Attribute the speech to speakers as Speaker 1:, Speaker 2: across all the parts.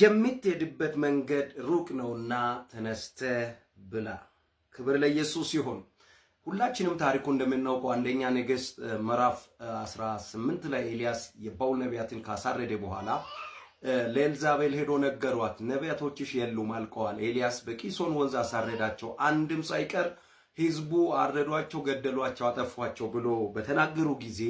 Speaker 1: የምትሄድበት መንገድ ሩቅ ነውና ተነስተ ብላ። ክብር ለኢየሱስ ይሁን። ሁላችንም ታሪኩ እንደምናውቀው አንደኛ ነገሥት ምዕራፍ 18 ላይ ኤልያስ የባውል ነቢያትን ካሳረደ በኋላ ለኤልዛቤል ሄዶ ነገሯት። ነቢያቶችሽ የሉም አልቀዋል። ኤልያስ በቂሶን ወንዝ አሳረዳቸው፣ አንድም ሳይቀር ህዝቡ አረዷቸው፣ ገደሏቸው፣ አጠፏቸው ብሎ በተናገሩ ጊዜ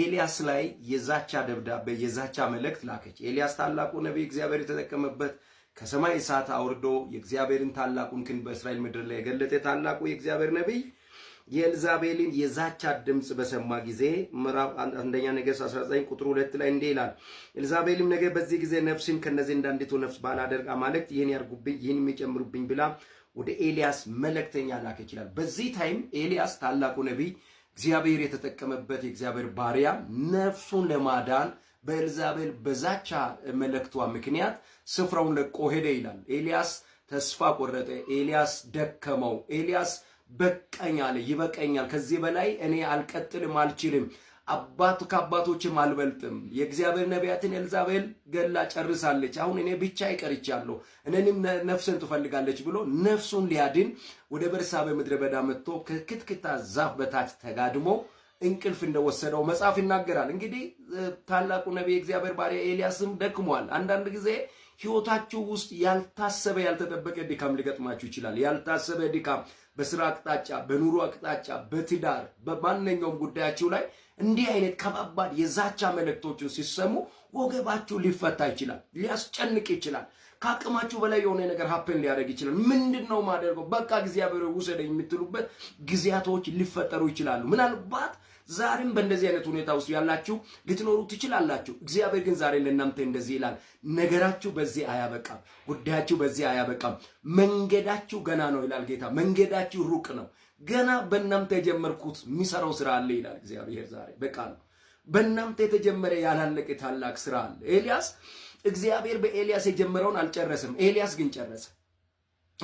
Speaker 1: ኤልያስ ላይ የዛቻ ደብዳቤ የዛቻ መልእክት ላከች። ኤልያስ ታላቁ ነቢይ እግዚአብሔር የተጠቀመበት ከሰማይ እሳት አውርዶ የእግዚአብሔርን ታላቁን ክንድ በእስራኤል ምድር ላይ የገለጠ ታላቁ የእግዚአብሔር ነቢይ የኤልዛቤልን የዛቻ ድምፅ በሰማ ጊዜ ምዕራፍ አንደኛ ነገሥት 19 ቁጥር ሁለት ላይ እንዲህ ይላል። ኤልዛቤልም ነገ በዚህ ጊዜ ነፍስን ከነዚህ እንዳንዲቱ ነፍስ ባላደርግ አማልክት ይህን ያርጉብኝ፣ ይህን የሚጨምሩብኝ ብላ ወደ ኤልያስ መልእክተኛ ላከ ይችላል። በዚህ ታይም ኤልያስ ታላቁ ነቢይ እግዚአብሔር የተጠቀመበት የእግዚአብሔር ባሪያ ነፍሱን ለማዳን በኤልዛቤል በዛቻ መልእክቷ ምክንያት ስፍራውን ለቆ ሄደ ይላል። ኤልያስ ተስፋ ቆረጠ። ኤልያስ ደከመው። ኤልያስ በቃኝ አለ። ይበቀኛል፣ ከዚህ በላይ እኔ አልቀጥልም፣ አልችልም፣ አባቱ ከአባቶችም አልበልጥም። የእግዚአብሔር ነቢያትን ኤልዛቤል ገላ ጨርሳለች። አሁን እኔ ብቻ ይቀርቻለሁ፣ እኔንም ነፍስን ትፈልጋለች ብሎ ነፍሱን ሊያድን ወደ በርሳቤ ምድረ በዳ መጥቶ ከክትክታ ዛፍ በታች ተጋድሞ እንቅልፍ እንደወሰደው መጽሐፍ ይናገራል። እንግዲህ ታላቁ ነቢይ እግዚአብሔር ባሪያ ኤልያስም ደክሟል። አንዳንድ ጊዜ ህይወታችሁ ውስጥ ያልታሰበ ያልተጠበቀ ድካም ሊገጥማችሁ ይችላል። ያልታሰበ ድካም በስራ አቅጣጫ፣ በኑሮ አቅጣጫ፣ በትዳር፣ በማንኛውም ጉዳያችሁ ላይ እንዲህ አይነት ከባባድ የዛቻ መልእክቶችን ሲሰሙ ወገባችሁ ሊፈታ ይችላል፣ ሊያስጨንቅ ይችላል። ከአቅማችሁ በላይ የሆነ ነገር ሀፕን ሊያደርግ ይችላል። ምንድን ነው ማደርገው? በቃ እግዚአብሔር ውሰደኝ የምትሉበት ጊዜያቶች ሊፈጠሩ ይችላሉ። ምናልባት ዛሬም በእንደዚህ አይነት ሁኔታ ውስጥ ያላችሁ ልትኖሩ ትችላላችሁ። እግዚአብሔር ግን ዛሬ ለእናንተ እንደዚህ ይላል፣ ነገራችሁ በዚህ አያበቃም፣ ጉዳያችሁ በዚህ አያበቃም፣ መንገዳችሁ ገና ነው ይላል ጌታ። መንገዳችሁ ሩቅ ነው፣ ገና በእናንተ የጀመርኩት የሚሰራው ስራ አለ ይላል እግዚአብሔር ዛሬ በቃ ነው። በእናንተ የተጀመረ ያላለቀ ታላቅ ስራ አለ ኤልያስ እግዚአብሔር በኤልያስ የጀመረውን አልጨረስም። ኤልያስ ግን ጨረሰ።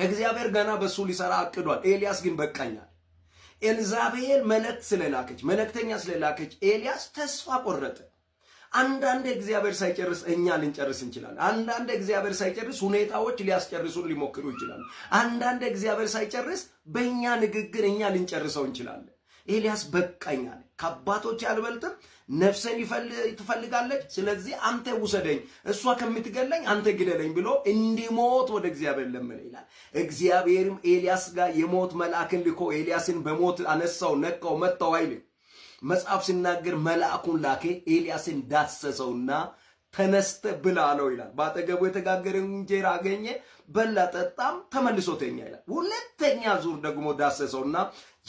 Speaker 1: እግዚአብሔር ገና በሱ ሊሰራ አቅዷል። ኤልያስ ግን በቃኛል። ኤልዛቤል መልእክት ስለላከች መልእክተኛ ስለላከች ኤልያስ ተስፋ ቆረጠ። አንዳንድ እግዚአብሔር ሳይጨርስ እኛ ልንጨርስ እንችላለን። አንዳንድ እግዚአብሔር ሳይጨርስ ሁኔታዎች ሊያስጨርሱን ሊሞክሩ ይችላሉ። አንዳንድ እግዚአብሔር ሳይጨርስ በእኛ ንግግር እኛ ልንጨርሰው እንችላለን። ኤልያስ በቃኝ አለ። ከአባቶች አልበልጥም፣ ነፍሰን ትፈልጋለች፣ ስለዚህ አንተ ውሰደኝ፣ እሷ ከምትገለኝ አንተ ግደለኝ ብሎ እንዲሞት ወደ እግዚአብሔር ለመነ ይላል። እግዚአብሔርም ኤልያስ ጋር የሞት መልአክን ልኮ ኤልያስን በሞት አነሳው፣ ነቀው፣ መጣው አይልም። መጽሐፍ ሲናገር መልአኩን ላኬ ኤልያስን ዳሰሰውና ተነስተ ብላ አለው ይላል። በአጠገቡ የተጋገረ እንጀራ አገኘ፣ በላ፣ ጠጣም፣ ተመልሶ ተኛ ይላል። ሁለተኛ ዙር ደግሞ ዳሰሰውና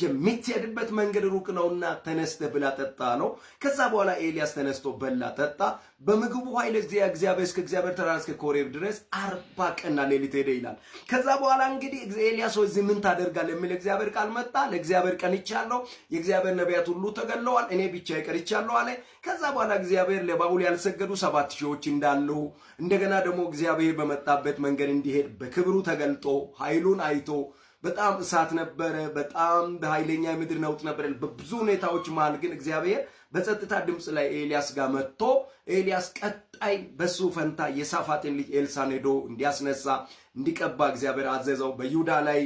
Speaker 1: የሚትሄድበት መንገድ ሩቅ ነውና ተነስተ ብላ ጠጣ ነው። ከዛ በኋላ ኤልያስ ተነስቶ በላ ጠጣ። በምግቡ ኃይል እግዚአብሔር እስከ እግዚአብሔር ተራራ እስከ ኮሬብ ድረስ አርባ ቀንና ሌሊት ሄደ ይላል። ከዛ በኋላ እንግዲህ ኤልያስ እዚህ ምን ታደርጋል የሚል እግዚአብሔር ቃል መጣ። ለእግዚአብሔር ቀንቻለሁ፣ የእግዚአብሔር ነቢያት ሁሉ ተገለዋል፣ እኔ ብቻ ይቀርቻለሁ አለ። ከዛ በኋላ እግዚአብሔር ለባውል ያልሰገዱ ሰባት ሺዎች እንዳሉ እንደገና ደግሞ እግዚአብሔር በመጣበት መንገድ እንዲሄድ በክብሩ ተገልጦ ኃይሉን አይቶ በጣም እሳት ነበረ። በጣም በኃይለኛ የምድር ነውጥ ነበረ። በብዙ ሁኔታዎች መሃል ግን እግዚአብሔር በጸጥታ ድምፅ ላይ ኤልያስ ጋር መጥቶ ኤልያስ ቀጣይ በሱ ፈንታ የሳፋጤን ልጅ ኤልሳን ሄዶ እንዲያስነሳ እንዲቀባ እግዚአብሔር አዘዘው። በይሁዳ ላይ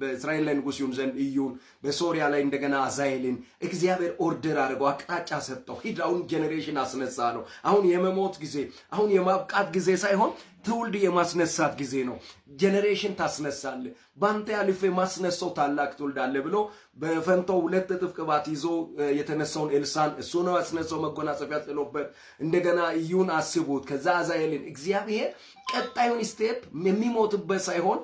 Speaker 1: በእስራኤል ላይ ንጉስ ይሁን ዘንድ እዩን፣ በሶሪያ ላይ እንደገና አዛኤልን እግዚአብሔር ኦርደር አድርገው አቅጣጫ ሰጠው። ሂድ አሁን ጄኔሬሽን አስነሳ ነው። አሁን የመሞት ጊዜ፣ አሁን የማብቃት ጊዜ ሳይሆን ትውልድ የማስነሳት ጊዜ ነው። ጄኔሬሽን ታስነሳለ። በአንተ ያልፌ ማስነሳው ታላቅ ትውልድ አለ ብሎ በፈንታው ሁለት እጥፍ ቅባት ይዞ የተነሳውን ኤልሳን እሱ ነው ያስነሳው። መጎናጸፊያ ጥሎበት እንደገና እዩን አስቡት፣ ከዛ አዛኤልን እግዚአብሔር ቀጣዩን ስቴፕ የሚሞ የሚሞትበት ሳይሆን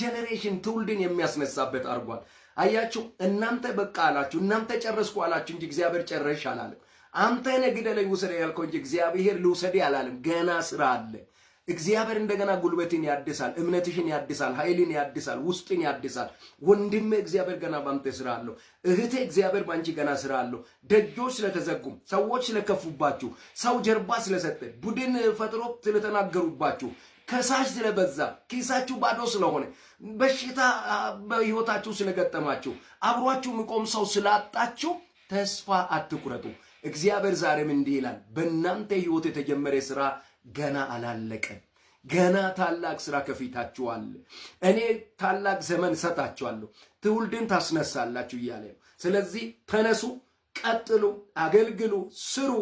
Speaker 1: ጀኔሬሽን ትውልድን የሚያስነሳበት አድርጓል። አያችሁ፣ እናንተ በቃ አላችሁ፣ እናንተ ጨረስኩ አላችሁ እንጂ እግዚአብሔር ጨረሽ አላለም። አንተ ነህ ግደለኝ ውሰደኝ ያልከው እንጂ እግዚአብሔር ልውሰዴ አላለም። ገና ስራ አለ። እግዚአብሔር እንደገና ጉልበትን ያድሳል፣ እምነትሽን ያድሳል፣ ኃይልን ያድሳል፣ ውስጥን ያድሳል። ወንድሜ እግዚአብሔር ገና ባንተ ስራ አለው። እህቴ እግዚአብሔር ባንቺ ገና ስራ አለው። ደጆች ስለተዘጉም፣ ሰዎች ስለከፉባችሁ፣ ሰው ጀርባ ስለሰጠ፣ ቡድን ፈጥሮ ስለተናገሩባችሁ ከሳሽ ስለበዛ ኪሳችሁ ባዶ ስለሆነ በሽታ በህይወታችሁ ስለገጠማችሁ አብሯችሁ የሚቆም ሰው ስላጣችሁ ተስፋ አትቁረጡ። እግዚአብሔር ዛሬም እንዲህ ይላል፣ በእናንተ ህይወት የተጀመረ ስራ ገና አላለቀም። ገና ታላቅ ስራ ከፊታችሁ አለ። እኔ ታላቅ ዘመን እሰጣችኋለሁ፣ ትውልድን ታስነሳላችሁ እያለ ነው። ስለዚህ ተነሱ፣ ቀጥሉ፣ አገልግሉ፣ ስሩ።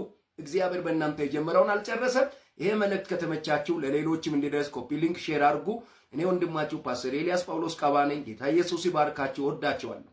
Speaker 1: እግዚአብሔር በእናንተ የጀመረውን አልጨረሰም። ይሄ መልእክት ከተመቻችሁ ለሌሎችም እንዲደርስ ኮፒ ሊንክ ሼር አድርጉ። እኔ ወንድማችሁ ፓስተር ኤልያስ ጳውሎስ ቀባ ነኝ። ጌታ ኢየሱስ ይባርካችሁ። ወዳችኋለሁ።